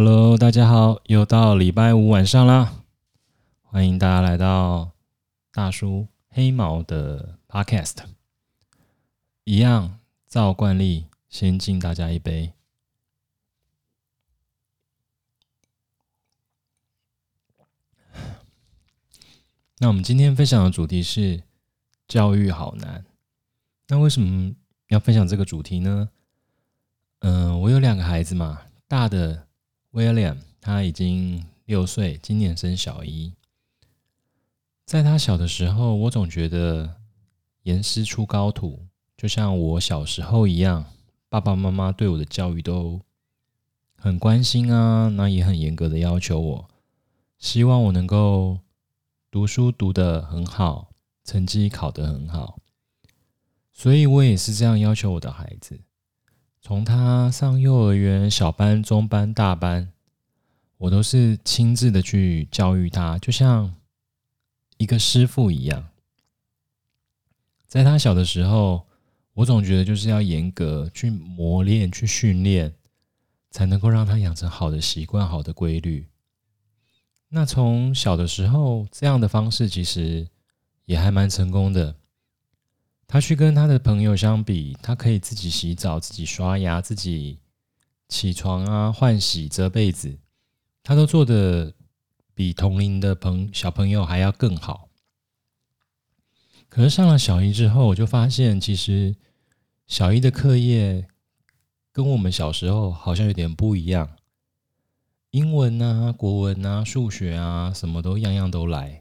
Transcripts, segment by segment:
Hello，大家好，又到禮拜五晚上啦，歡迎大家來到大叔黑毛的 Podcast。一樣照慣例，先敬大家一杯。那我們今天分享的主題是教育好難。那為什麼要分享這個主題呢？嗯、呃，我有兩個孩子嘛，大的。威廉他已經六歲，今年升小一。在他小的時候，我總覺得嚴師出高徒，就像我小時候一樣，爸爸媽媽對我的教育都很關心啊，那也很嚴格的要求我，希望我能夠讀書讀得很好，成績考得很好。所以我也是這樣要求我的孩子。從他上幼兒園小班、中班、大班，我都是親自的去教育他，就像一個師傅一樣。在他小的時候，我總覺得就是要嚴格去磨練、去訓練，才能夠讓他養成好的習慣、好的規律。那從小的時候，這樣的方式其實也還蠻成功的。他去跟他的朋友相比，他可以自己洗澡、自己刷牙、自己起床啊、換洗、折被子，他都做的比同齡的朋小朋友還要更好。可是上了小一之後，我就發現其實小一的課業跟我們小時候好像有點不一樣，英文啊、國文啊、數學啊，什麼都樣樣都來。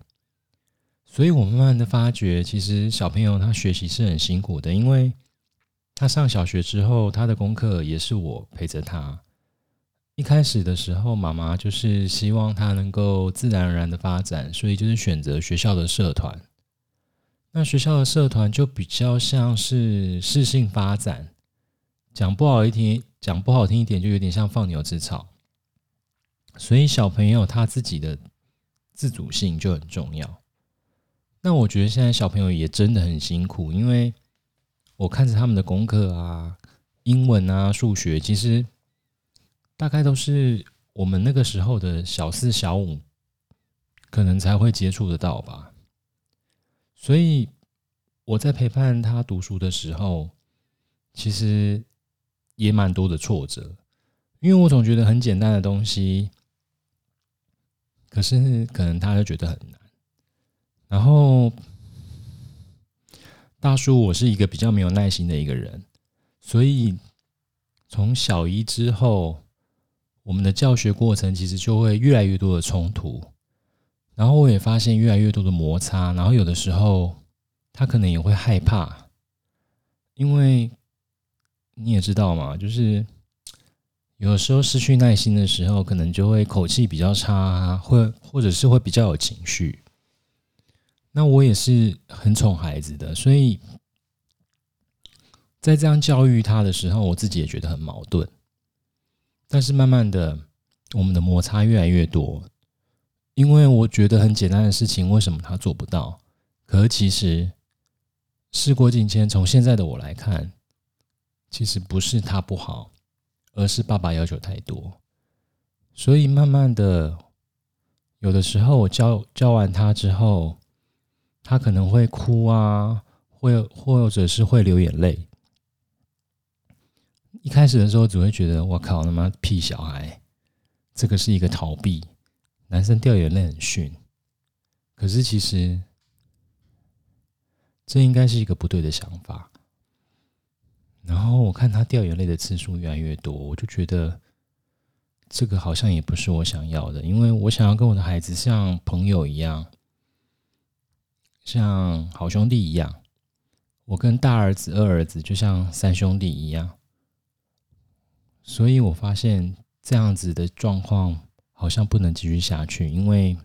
所以我慢慢的發覺，其實小朋友他學習是很辛苦的，因為他上小學之後，他的功課也是我陪着他。一開始的時候，媽媽就是希望他能夠自然而然的發展，所以就是選擇學校的社團。那學校的社團就比較像是適性發展，講不好一點，講不好聽一點，就有點像放牛吃草。所以小朋友他自己的自主性就很重要。那我覺得現在小朋友也真的很辛苦，因為我看着他們的功課啊、英文啊、數學，其實大概都是我們那個時候的小四、小五可能才會接觸得到吧。所以我在陪伴他讀書的時候，其實也蠻多的挫折，因為我總覺得很簡單的東西，可是可能他就覺得很難。然後，大叔，我是一個比較沒有耐心的一個人，所以從小一之後，我們的教學過程其實就會越來越多的衝突，然後我也發現越來越多的摩擦，然後有的時候他可能也會害怕，因為你也知道嘛，就是有的時候失去耐心的時候，可能就會口氣比較差啊，或或者是會比較有情緒。那我也是很寵孩子的，所以在這樣教育他的時候，我自己也覺得很矛盾。但是慢慢的，我們的摩擦越來越多，因為我覺得很簡單的事情，為什麼他做不到？可是其實，事過境遷，從現在的我來看，其實不是他不好，而是爸爸要求太多。所以慢慢的，有的時候我教教完他之後。他可能會哭啊，或或者是會流眼淚。一開始的時候，只會覺得“我靠，他媽屁小孩”，這個是一個逃避。男生掉眼淚很遜，可是其實這應該是一個不對的想法。然後我看他掉眼淚的次數越來越多，我就覺得這個好像也不是我想要的，因為我想要跟我的孩子像朋友一樣。像好兄弟一樣，我跟大兒子、二兒子就像三兄弟一樣，所以我發現這樣子的狀況好像不能繼續下去，因為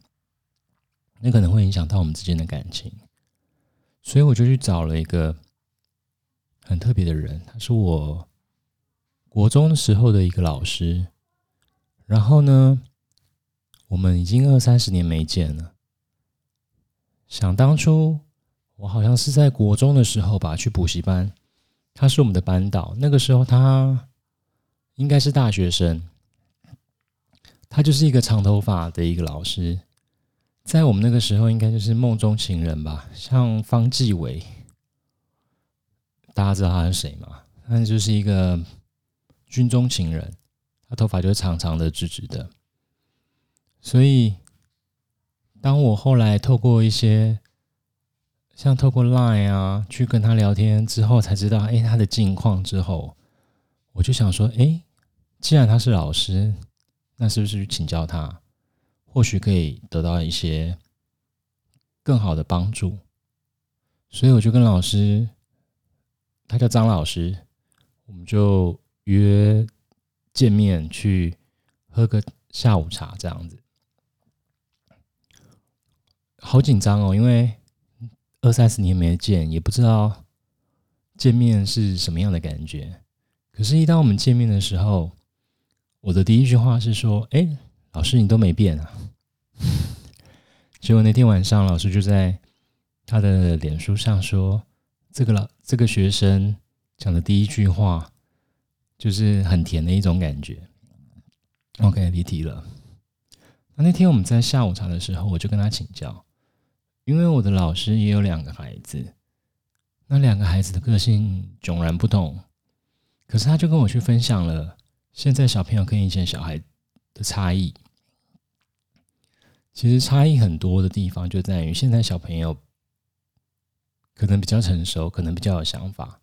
那可能會影響到我們之間的感情，所以我就去找了一個很特別的人，他是我國中的時候的一個老師，然後呢，我們已經二三十年沒見了。想當初，我好像是在國中的時候吧，去補習班，他是我們的班導。那個時候他應該是大學生，他就是一個長頭髮的一個老師，在我們那個時候應該就是夢中情人吧，像方季惟，大家知道他是誰嗎？他就是一個軍中情人，他頭髮就是長長的、直直的，所以。當我後來透過一些，像透過 Line 啊，去跟他聊天之後，才知道哎、欸，他的近況之後，我就想說，哎、欸，既然他是老師，那是不是請教他，或許可以得到一些更好的幫助？所以我就跟老師，他叫張老師，我們就約見面去喝個下午茶這樣子。好緊張哦，因為二三十年沒見，也不知道見面是什麼樣的感覺。可是，一當我們見面的時候，我的第一句話是說：“哎、欸，老師，你都沒變啊！”結 果那天晚上，老師就在他的臉書上說：“這個老這個學生講的第一句話，就是很甜的一種感覺。”OK，離題了。那，那天我們在下午茶的時候，我就跟他請教。因為我的老師也有兩個孩子，那兩個孩子的個性迥然不同，可是他就跟我去分享了現在小朋友跟以前小孩的差異。其實差異很多的地方就在於現在小朋友可能比較成熟，可能比較有想法，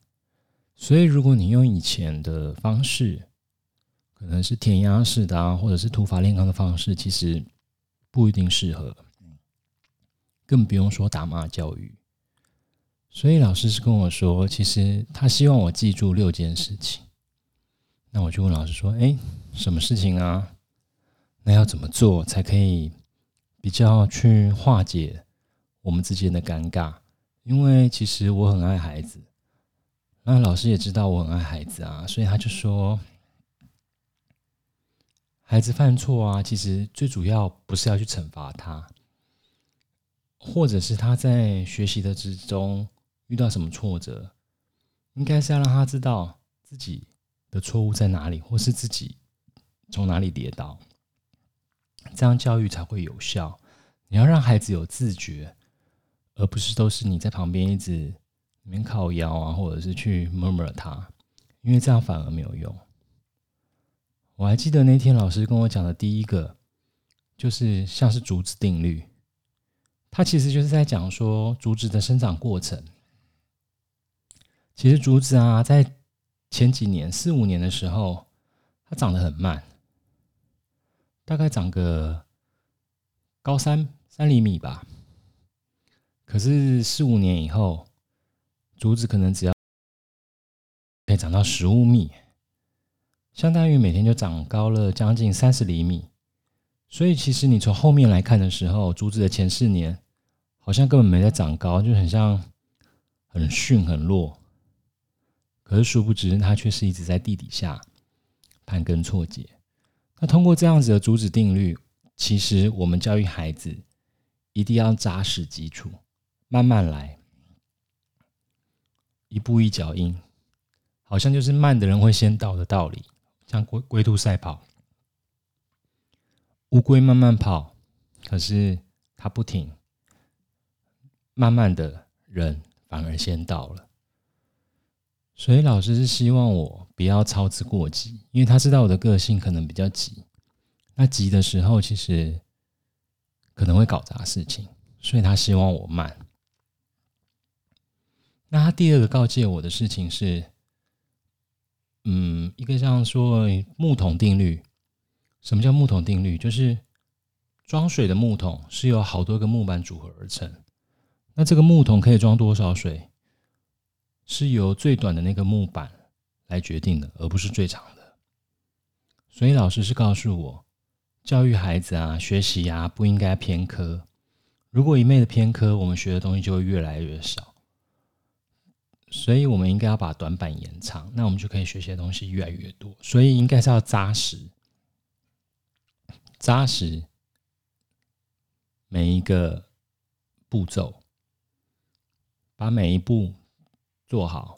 所以如果你用以前的方式，可能是填鴨式的啊，或者是土法煉鋼的方式，其實不一定適合。更不用說打罵教育，所以老師是跟我說，其實他希望我記住六件事情。那我就問老師說：“誒，什麼事情啊？那要怎麼做才可以比較去化解我們之間的尷尬？”因為其實我很愛孩子，那老師也知道我很愛孩子啊，所以他就說：“孩子犯錯啊，其實最主要不是要去懲罰他。”或者是他在學習的之中遇到什麼挫折，應該是要讓他知道自己的錯誤在哪裡，或是自己從哪裡跌倒，這樣教育才會有效。你要讓孩子有自覺，而不是都是你在旁邊一直，你靠腰啊，或者是去 murmur 他，因為這樣反而沒有用。我還記得那天老師跟我講的第一個，就是像是竹子定律。它其實就是在講說竹子的生長過程。其實竹子啊，在前幾年四五年的時候，它長得很慢，大概長個高三三釐米吧。可是四五年以後，竹子可能只要可以長到十五米，相當於每天就長高了將近三十釐米。所以，其實你從後面來看的時候，竹子的前四年好像根本沒在長高，就很像很遜、很弱。可是，殊不知它卻是一直在地底下盤根錯節。那通過這樣子的竹子定律，其實我們教育孩子一定要扎實基礎，慢慢來，一步一腳印，好像就是慢的人會先到的道理，像龜龜兔賽跑。烏龜慢慢跑，可是它不停。慢慢的人反而先到了，所以老師是希望我不要操之過急，因為他知道我的個性可能比較急。那急的時候，其實可能會搞砸事情，所以他希望我慢。那他第二個告誡我的事情是，嗯，一個像說木桶定律。什麼叫木桶定律？就是裝水的木桶是由好多個木板組合而成。那這個木桶可以裝多少水？是由最短的那個木板來決定的，而不是最長的。所以老師是告訴我，教育孩子啊，學習啊，不應該偏科。如果一味的偏科，我們學的東西就會越來越少。所以我們應該要把短板延長，那我們就可以學習的東西越來越多。所以應該是要扎實。扎實每一個步驟，把每一步做好，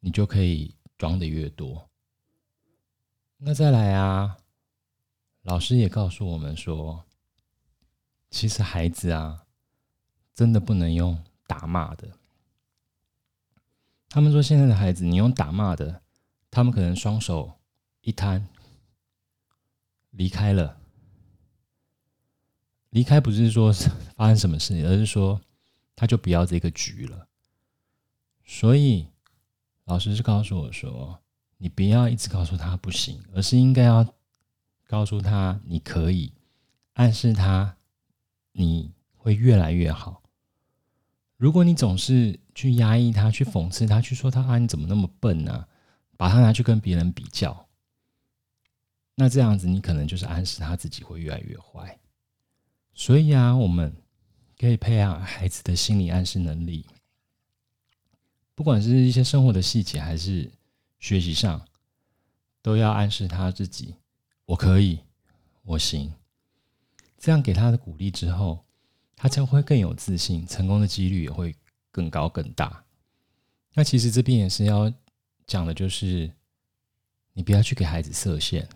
你就可以裝得越多。那再來啊，老師也告訴我們說，其實孩子啊，真的不能用打罵的。他們說，現在的孩子，你用打罵的，他們可能雙手一攤，離開了。離開不是說發生什麼事情，而是說他就不要這個局了。所以老師是告訴我說：“你不要一直告訴他不行，而是應該要告訴他你可以，暗示他你會越來越好。如果你總是去壓抑他、去諷刺他、去說他，啊，你怎麼那麼笨呢？啊？把他拿去跟別人比較，那這樣子你可能就是暗示他自己會越來越壞。”所以啊，我們可以培養孩子的心理暗示能力，不管是一些生活的細節，還是學習上，都要暗示他自己：“我可以，我行。”這樣給他的鼓勵之後，他才會更有自信，成功的幾率也會更高更大。那其實這邊也是要講的，就是你不要去給孩子設限，“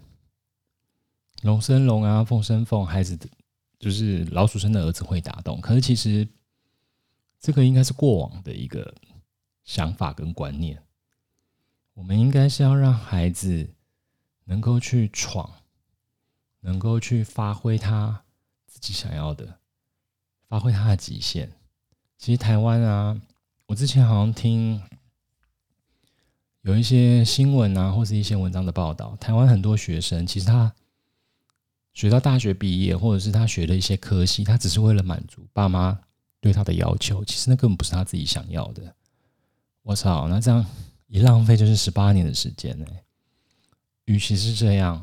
龍生龍啊，鳳生鳳”，孩子的。就是老鼠生的兒子會打洞，可是其實這個應該是過往的一個想法跟觀念。我們應該是要讓孩子能夠去闖，能夠去發揮他自己想要的，發揮他的極限。其實台灣啊，我之前好像聽有一些新聞啊，或是一些文章的報道，台灣很多學生其實他。學到大學畢業，或者是他學了一些科系，他只是為了滿足爸媽對他的要求。其實那根本不是他自己想要的。我操，那這樣一浪費就是十八年的時間呢、欸。與其是這樣，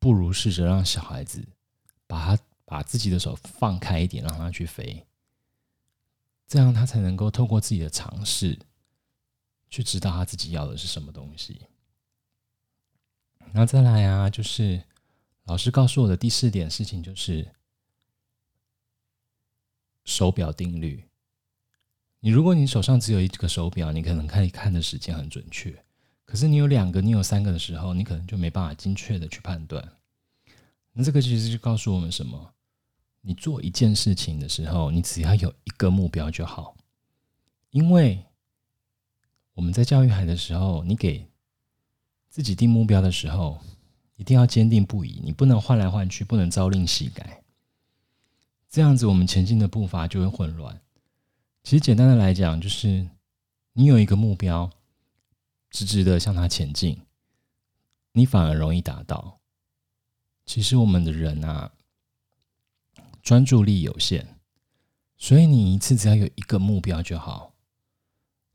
不如試着讓小孩子把他把自己的手放開一點，讓他去飛。這樣他才能夠透過自己的嘗試，去知道他自己要的是什麼東西。那再來啊，就是。老師告訴我的第四點事情，就是手表定律。你如果你手上只有一個手表，你可能可以看的時間很準確。可是你有兩個，你有三個的時候，你可能就沒辦法精確的去判斷。那這個其實就告訴我們什麼？你做一件事情的時候，你只要有一個目標就好。因為我們在教育孩子的時候，你給自己定目標的時候。一定要堅定不移，你不能換來換去，不能朝令夕改。這樣子，我們前進的步伐就會混亂。其實簡單的來講，就是你有一個目標，直直的向它前進，你反而容易達到。其實我們的人啊，專注力有限，所以你一次只要有一個目標就好。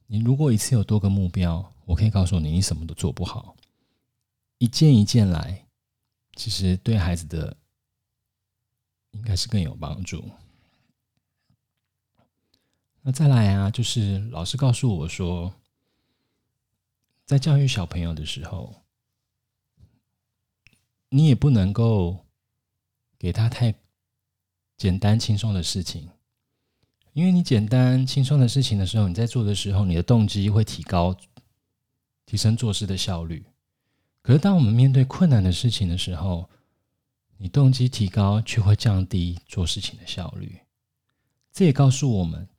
你如果一次有多個目標，我可以告訴你，你什麼都做不好。一件一件來，其實對孩子的應該是更有幫助。那再來啊，就是老師告訴我說，在教育小朋友的時候，你也不能夠給他太簡單輕鬆的事情，因為你簡單輕鬆的事情的時候，你在做的時候，你的動機會提高，提升做事的效率。可是，當我們面對困難的事情的時候，你動機提高，卻會降低做事情的效率。這也告訴我們，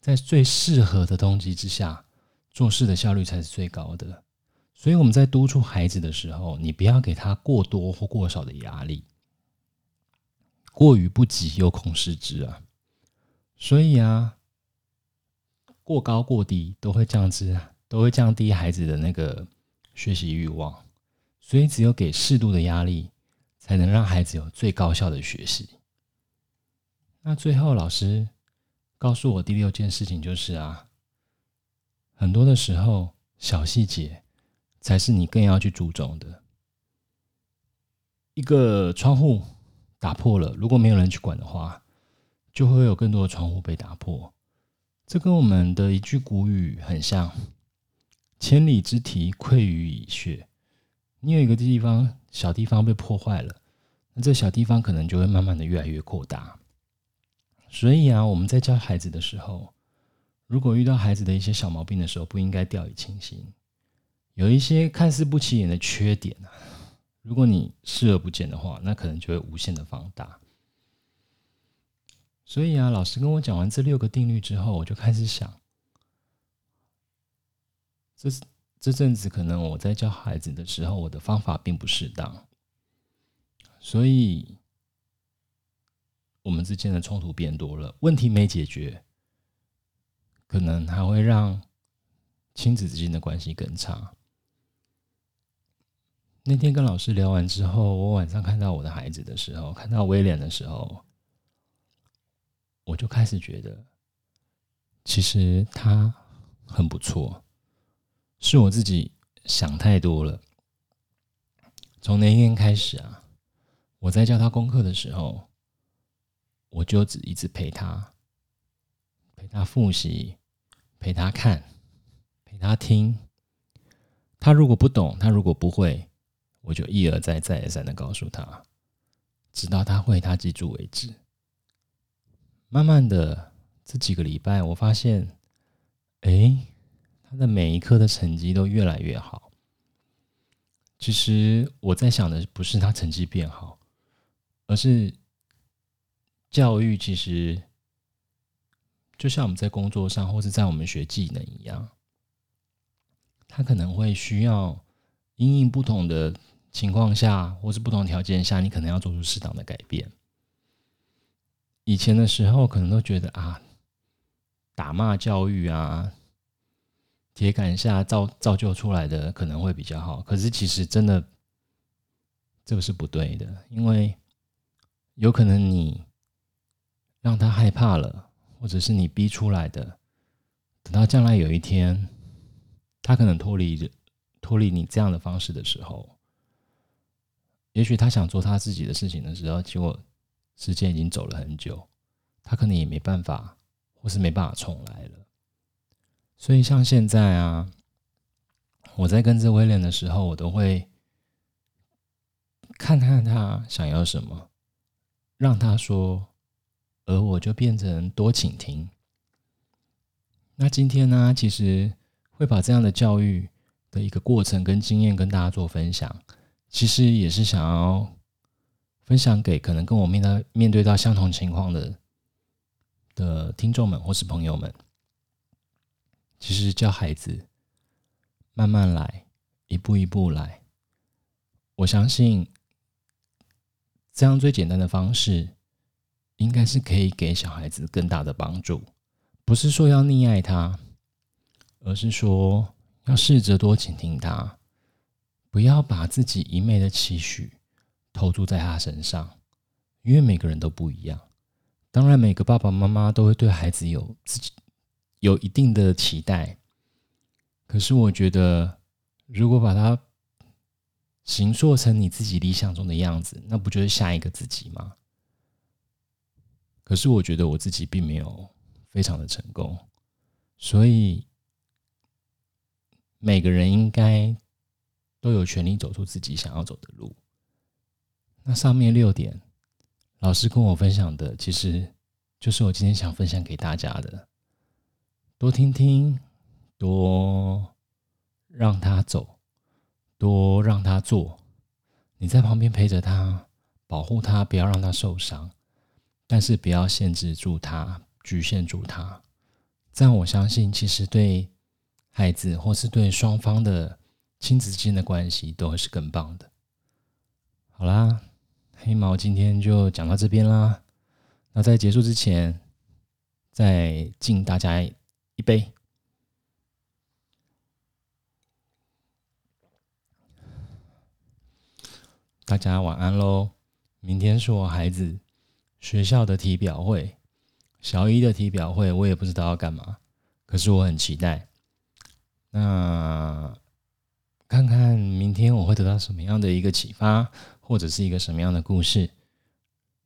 在最適合的動機之下，做事的效率才是最高的。所以，我們在督促孩子的時候，你不要給他過多或過少的壓力。過於不及又恐失之啊，所以啊，過高過低都會降至，都會降低孩子的那個學習慾望。所以，只有給適度的壓力，才能讓孩子有最高效的學習。那最後，老師告訴我第六件事情就是啊，很多的時候，小細節才是你更要去注重的。一個窗戶打破了，如果沒有人去管的話，就會有更多的窗戶被打破。這跟我們的一句古語很像：“千里之堤，潰於蟻穴。”你有一個地方，小地方被破壞了，那這小地方可能就會慢慢的越來越擴大。所以啊，我們在教孩子的時候，如果遇到孩子的一些小毛病的時候，不應該掉以輕心。有一些看似不起眼的缺點啊，如果你視而不見的話，那可能就會無限的放大。所以啊，老師跟我講完這六個定律之後，我就開始想，這是。這陣子可能我在教孩子的時候，我的方法並不適當，所以我們之間的衝突變多了，問題沒解決，可能還會讓親子之間的關係更差。那天跟老師聊完之後，我晚上看到我的孩子的時候，看到威廉的時候，我就開始覺得，其實他很不錯。是我自己想太多了。從那一天開始啊，我在教他功課的時候，我就只一直陪他，陪他複習，陪他看，陪他聽。他如果不懂，他如果不會，我就一而再，再而三的告訴他，直到他會，他記住為止。慢慢的，這幾個禮拜，我發現，誒。他的每一科的成績都越來越好。其實我在想的不是他成績變好，而是教育其實就像我們在工作上，或是在我們學技能一樣，他可能會需要因應不同的情況下，或是不同條件下，你可能要做出適當的改變。以前的時候，可能都覺得啊，打罵教育啊。鐵感下造造就出來的可能會比較好，可是其實真的這個是不對的，因為有可能你讓他害怕了，或者是你逼出來的。等到將來有一天，他可能脫離着脫離你這樣的方式的時候，也許他想做他自己的事情的時候，結果時間已經走了很久，他可能也沒辦法，或是沒辦法重來了。所以，像現在啊，我在跟着威廉的時候，我都會看看他想要什麼，讓他說，而我就變成多傾聽。那今天呢，啊，其實會把這樣的教育的一個過程跟經驗跟大家做分享，其實也是想要分享給可能跟我面到面對到相同情況的的聽眾們或是朋友們。其實教孩子慢慢來，一步一步來。我相信這樣最簡單的方式，應該是可以給小孩子更大的幫助。不是說要溺愛他，而是說要試着多傾聽他，不要把自己一昧的期許投注在他身上，因為每個人都不一樣。當然，每個爸爸媽媽都會對孩子有自己，有一定的期待，可是我覺得，如果把它形塑成你自己理想中的樣子，那不就是下一個自己嗎？可是我覺得我自己並沒有非常的成功，所以每個人應該都有權利走出自己想要走的路。那上面六點，老師跟我分享的，其實就是我今天想分享給大家的。多聽聽，多讓他走，多讓他做，你在旁邊陪着他，保護他，不要讓他受傷，但是不要限制住他，局限住他。這樣我相信，其實對孩子，或是對雙方的親子之間的關係，都是更棒的。好啦，黑毛今天就講到這邊啦。那在結束之前，再敬大家。一杯，大家晚安嘍！明天是我孩子學校的體表會，小一的體表會，我也不知道要幹嘛，可是我很期待。那看看明天我會得到什麼樣的一個啟發，或者是一個什麼樣的故事。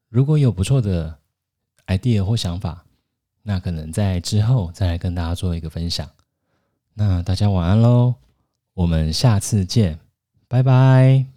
如果有不錯的 idea 或想法。那可能在之後再來跟大家做一個分享。那大家晚安嘍！我們下次見，拜拜。